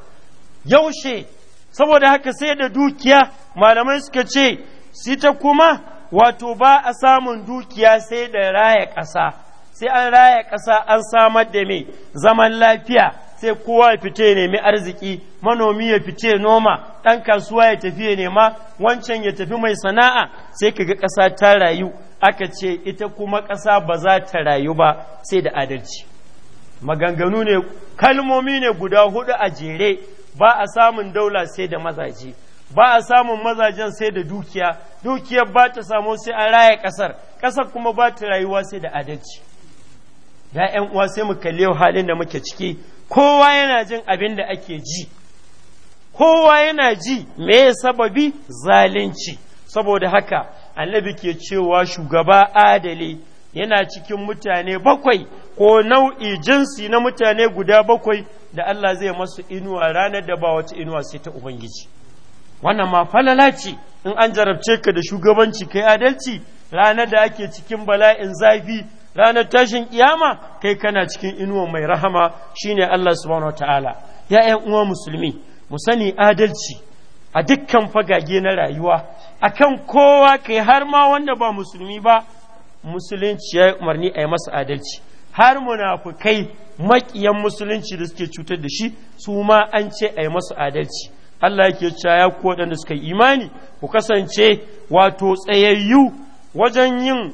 yaushe saboda haka sai da dukiya malamai suka ce sita kuma wato ba a samun dukiya sai da raya ƙasa sai an raya ƙasa an samar da mai zaman lafiya sai kowa ya fice ya nemi arziki manomi ya fice noma ɗan kasuwa ya tafi ya nema wancan ya tafi mai sana'a sai ka ga ƙasa ta rayu aka ce ita kuma ƙasa ba za ta rayu ba sai da adalci maganganu ne kalmomi ne guda hudu a jere ba a samun daula sai da mazaje ba a samun mazajen sai da dukiya dukiyar ba ta samu sai a raya ƙasar ƙasar kuma ba ta rayuwa sai da adalci Da ‘yan uwa sai mu kalli halin da muke ciki kowa yana jin abin da ake ji kowa yana ji me sababi zalunci saboda haka annabi ke cewa shugaba adali yana cikin mutane bakwai ko nau'i jinsi na mutane guda bakwai da Allah zai masu inuwa ranar da ba wata inuwa sai ta Ubangiji. wannan ma falala ce in an jarabce ka da shugabanci kai adalci ranar da ake cikin bala'in zafi ranar tashin kiyama kai kana cikin inuwa mai rahama shine Allah subhanahu wataala ya ƴan uwa musulmi mu sani adalci a dukkan fagage na rayuwa akan kowa kai har ma wanda ba musulmi ba musulunci ya umarni a yi masa adalci har munafukai maƙiyan musulunci da suke cutar da shi su ma an ce a yi masu adalci Allah yake cewa ya ku waɗanda suka yi imani ku kasance wato tsayayyu wajen yin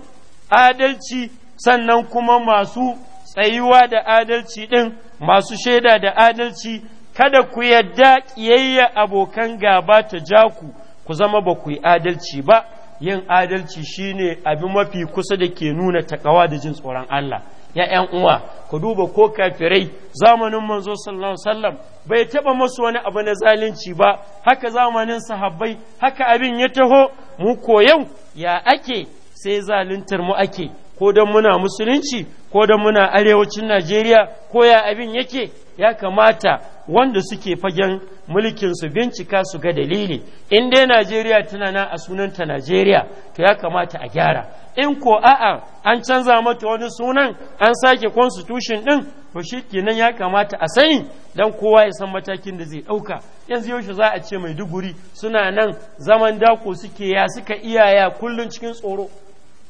adalci sannan kuma masu tsayuwa da adalci ɗin masu shaida da adalci kada ku yadda ƙiyayya abokan gaba ta ja ku ku zama ba ku yi adalci ba yin adalci shine abin mafi kusa da ke nuna takawa da jin tsoron Allah ya ‘yan uwa, ku duba ko kafirai zamanin manzo sallallahu wasallam bai taɓa masu wani abu na zalunci ba, haka zamanin sahabbai, haka abin ya taho, mu koyan ya ake sai zaluntar mu ake, ko don muna musulunci ko don muna arewacin najeriya ko ya abin yake ya kamata wanda suke fagen mulkin su bincika su ga dalili in dai najeriya tana na a sunanta najeriya to ya kamata a gyara in ko a'a an canza mata wani sunan an sake constitution din to shi kenan ya kamata a sani dan kowa ya san matakin da zai ɗauka yanzu yaushe za a ce Maiduguri suna nan zaman dako suke ya suka iyaya kullum cikin tsoro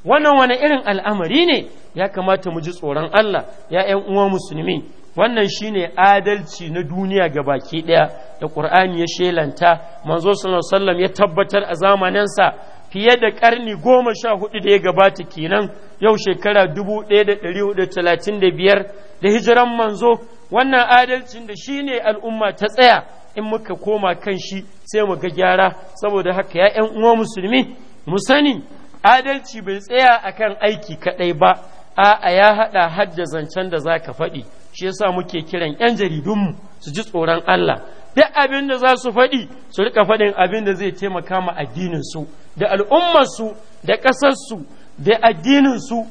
wannan wani irin al'amari ne ya kamata mu ji tsoron Allah ya ‘yan uwa musulmi wannan shi ne adalci na duniya ga baki ɗaya da ƙur'ani ya shelanta manzo sallam ya tabbatar a zamaninsa fiye da ƙarni goma sha hudu da ya gabata kenan yau shekara dubu ɗaya da ɗari hudu talatin da biyar da hijiran manzo wannan adalcin da shi ne al'umma ta tsaya in muka koma kan shi sai mu ga gyara saboda haka ya ‘yan uwa musulmi mu sani adalci bai tsaya akan aiki kaɗai ba a'a ya haɗa hadda zancen da za ka faɗi shi yasa muke kiran 'yan jaridunmu su ji tsoron Allah duk abin da za su faɗi su rika faɗin abin da zai taimaka ma su da al'ummarsu da ƙasarsu da addininsu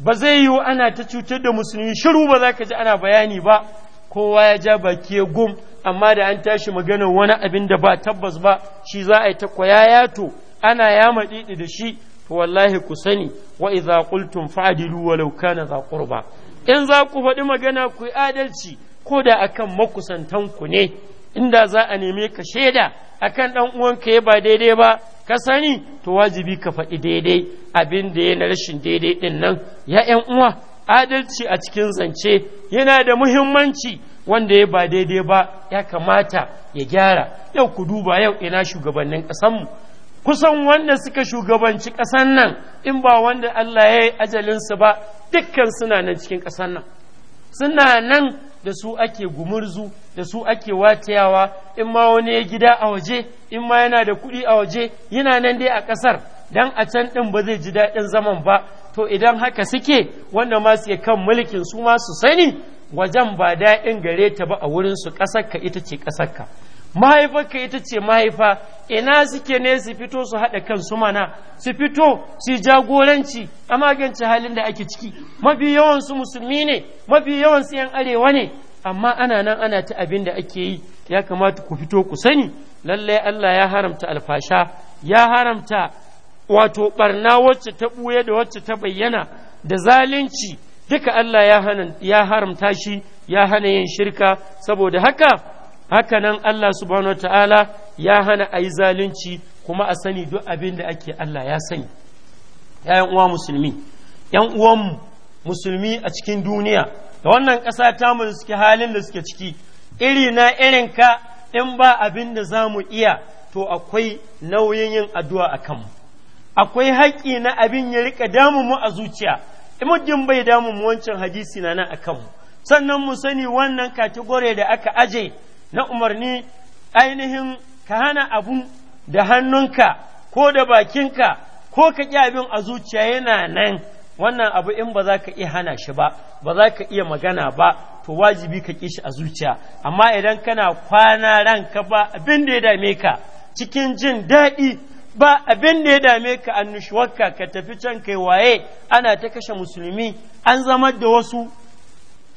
ba zai yiwu ana ta cutar da musulmi shiru ba za ka ji ana bayani ba kowa ya ja baki ya gum amma da an tashi maganar wani abin da ba tabbas ba shi za a yi ta to ana yama maɗiɗi da shi wallahi ku sani wa idza qultum fa'dilu walau kana za qurba in za ku faɗi magana ku yi adalci ko da akan makusantan ku ne inda za a neme ka shaida akan dan uwanka ya ba daidai ba ka sani to wajibi ka faɗi daidai abin da ya na rashin daidai din nan ya ƴan uwa adalci a cikin zance yana da muhimmanci wanda ya ba daidai ba ya kamata ya gyara yau ku duba yau ina shugabannin ƙasanmu kusan wanda suka shugabanci ƙasan nan in ba wanda Allah ya yi ajalinsu ba dukkan suna nan cikin ƙasan nan suna nan da su ake gumurzu da su ake watayawa in ma wani ya gida a waje in ma yana da kuɗi a waje yana nan dai a ƙasar dan a can ɗin ba zai ji daɗin zaman ba to idan haka suke wanda masu suke kan mulkin su ma su sani wajen ba daɗin gare ta ba a wurinsu ƙasarka ita ce ƙasarka mahaifarka ita ce mahaifa ina suke ne su fito su haɗa kansu mana su fito su jagoranci a magance halin da ake ciki mafi yawan su musulmi ne mafi yawan su yan arewa ne amma ana nan ana ta abin da ake yi ya kamata ku fito ku sani lallai Allah ya haramta alfasha ya haramta wato barna wacce ta ɓuya da wacce ta bayyana da zalunci duka Allah ya haramta shi ya hana yin shirka saboda haka hakanan Allah subhanahu ta'ala ya hana a zalunci kuma a sani duk abin da ake Allah ya sani ‘ya'yan uwa musulmi ‘yan uwan musulmi a cikin duniya da wannan ƙasa tamu da suke halin da suke ciki iri na irin ka in ba abin da za mu iya to akwai nauyin yin addu'a a kanmu akwai haƙƙi na abin ya riƙa damu mu a zuciya muddin bai damu mu wancan hadisi na nan a kanmu sannan mu sani wannan kategori da aka aje na umarni ainihin ka hana abu da hannunka ko da bakinka ko ka ƙi abin a zuciya yana nan wannan abu in ba za ka iya hana shi ba ba za ka iya magana ba to wajibi ka ƙi shi a zuciya amma idan kana kwana ranka ba abin da ya dame ka cikin jin daɗi ba abin da ya dame ka annushuwarka ka tafi can kai waye ana ta kashe musulmi an zama da wasu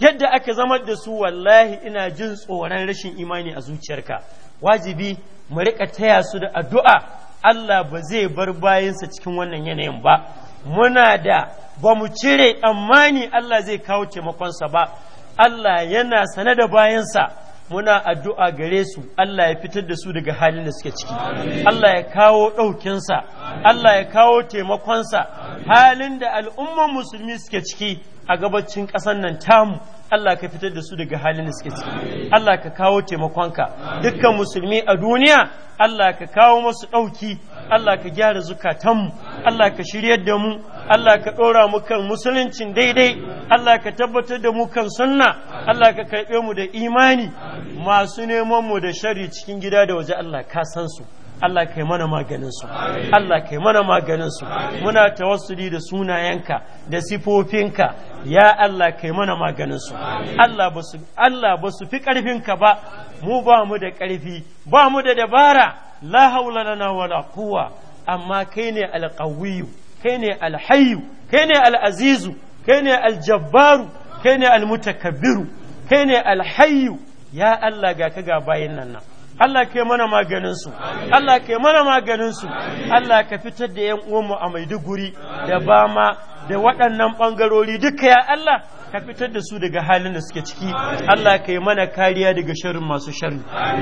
yadda aka zamar da su wallahi ina jin tsoron rashin imani a zuciyarka wajibi mu riƙa taya su da addu'a Allah ba zai bar bayansa cikin wannan yanayin ba muna da ba mu cire amani Allah zai kawo taimakonsa ba Allah yana sane da bayansa muna addu'a gare su Allah ya fitar da su daga halin da suke ciki Allah ya kawo ɗaukinsa Allah ya kawo taimakonsa halin da al'umman musulmi suke ciki a gabacin ƙasar nan tamu Allah ka fitar da su daga halin da suke ciki Allah ka kawo taimakonka dukkan musulmi a duniya Allah ka kawo masu ɗauki Allah ka gyara zukatanmu Allah ka shiryar da mu Allah ka ɗora mu kan musuluncin daidai Allah ka tabbatar da mu kan sunna Allah ka karɓe mu da imani masu neman mu da shari cikin gida da waje Allah ka san su Allah kai mana maganin su Allah kai mana maganin su muna tawassuli da sunayenka da sifofinka ya Allah kai mana maganin su Allah ba su Allah ba su fi karfinka ba mu ba mu da karfi ba mu da dabara la haula lana wala quwwa amma kai ne alqawiyyu kai ne alhayyu kai ne alazizu kai ne aljabbaru kai ne almutakabbiru kai ne alhayyu ya Allah ga ka ga bayin nan nan Allah kai mana maganinsu, Allah kai mana maganin su. Allah ka fitar da ‘yan uwanmu a Maiduguri da Bama da waɗannan ɓangarori duka ya Allah ka fitar da su daga halin da suke ciki, Allah ka yi mana kariya daga sharrin masu sharri,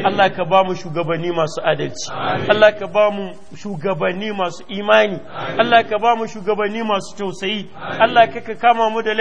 Allah ka ba mu shugabanni masu adalci, Allah ka ba mu shugabanni masu imani, Allah ka ba mu shugabanni masu tausayi, Allah ka ka kama mu da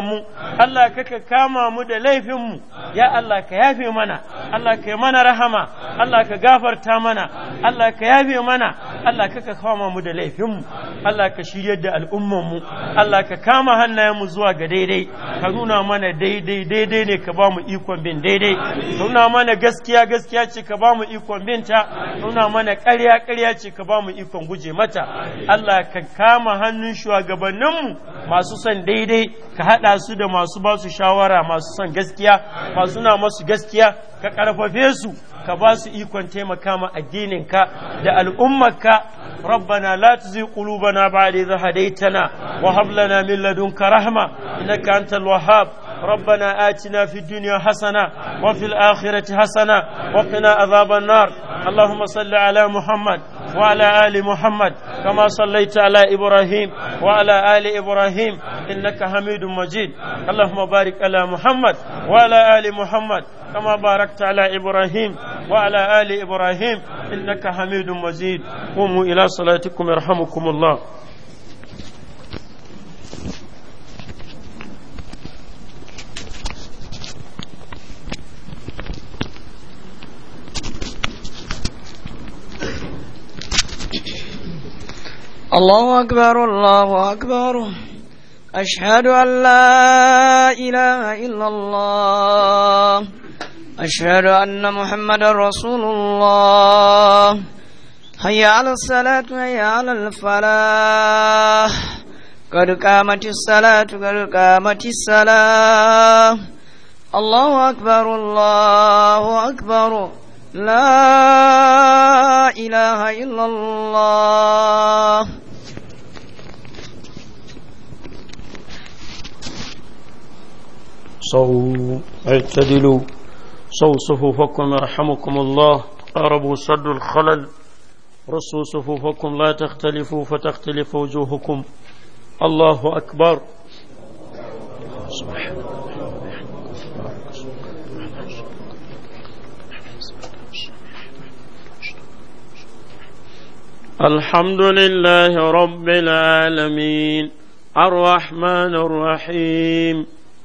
mu Allah ka ka kama mu da laifinmu, ya Allah ka yafe mana, Allah ka yi mana rahama. Allah ka gafarta mana Allah ka yabe mana Allah ka kama mu da laifinmu Allah ka shiryar da al'ummanmu Allah ka kama hannayenmu zuwa ga daidai ka nuna mana daidai daidai ne ka ba mu ikon bin daidai ka nuna mana gaskiya gaskiya ce ka ba mu ikon binta ka nuna mana ƙarya ƙarya ce ka ba mu ikon guje mata Allah ka kama hannun shugabanninmu masu son daidai ka haɗa su da masu ba su shawara masu son gaskiya masu na masu gaskiya ka ƙarfafe su ka ba su ikon taimaka ma addininka da al'ummarka rabbana la tuzigh qulubana ba'da idh hadaitana wa lana min ladunka rahma innaka antal wahhab ربنا آتنا في الدنيا حسنة وفي الآخرة حسنة وقنا عذاب النار اللهم صل على محمد وعلى آل محمد كما صليت على إبراهيم وعلى آل إبراهيم إنك حميد مجيد اللهم بارك على محمد وعلى آل محمد كما باركت على إبراهيم وعلى آل إبراهيم إنك حميد مجيد قوموا إلى صلاتكم يرحمكم الله الله أكبر الله أكبر أشهد أن لا إله إلا الله أشهد أن محمد رسول الله هيا على الصلاة هيا على الفلاح قد قامت الصلاة قد قامت الصلاة الله أكبر الله أكبر لا إله إلا الله صو اعتدلوا صو صفوفكم يرحمكم الله اقربوا سد الخلل رصوا صفوفكم لا تختلفوا فتختلف وجوهكم الله أكبر الحمد لله رب العالمين الرحمن الرحيم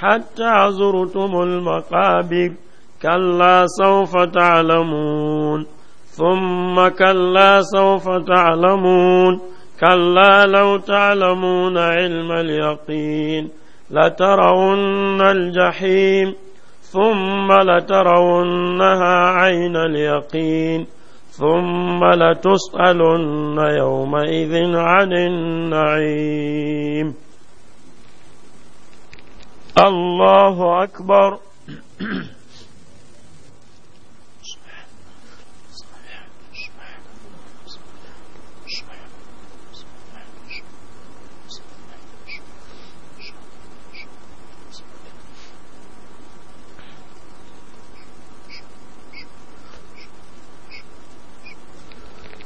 حتى زرتم المقابر كلا سوف تعلمون ثم كلا سوف تعلمون كلا لو تعلمون علم اليقين لترون الجحيم ثم لترونها عين اليقين ثم لتسألن يومئذ عن النعيم الله أكبر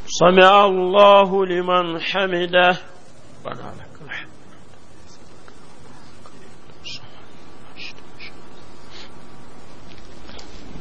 سمع الله لمن حمده ربنا لك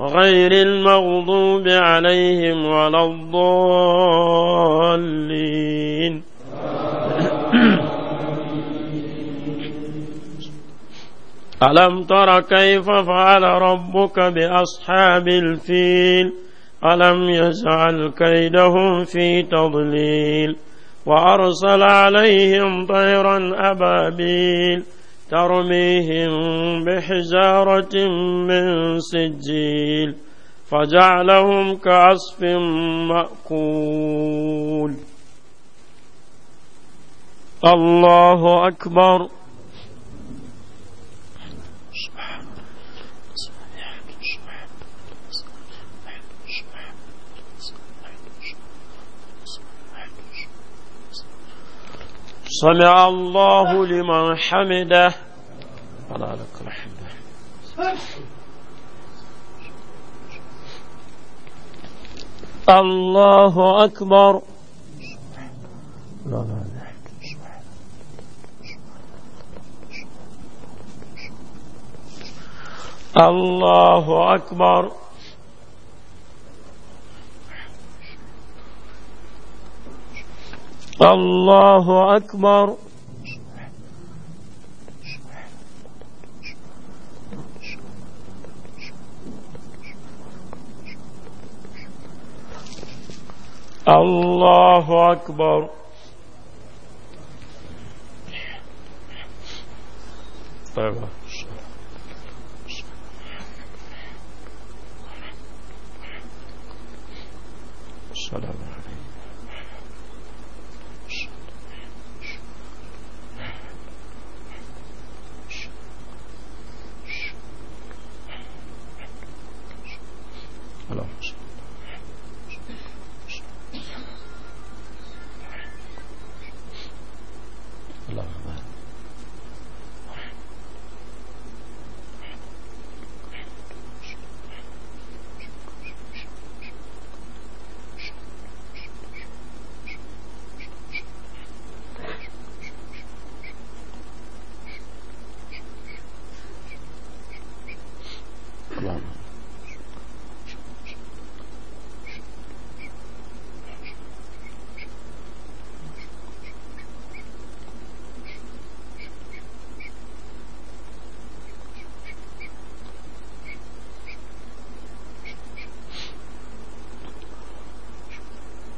غير المغضوب عليهم ولا الضالين ألم تر كيف فعل ربك بأصحاب الفيل ألم يجعل كيدهم في تضليل وأرسل عليهم طيرا أبابيل ترميهم بحجارة من سجيل فجعلهم كعصف مأكول الله أكبر سمع الله لمن حمده لك الحمد الله أكبر لا لا الله أكبر الله أكبر الله أكبر طيب السلام عليكم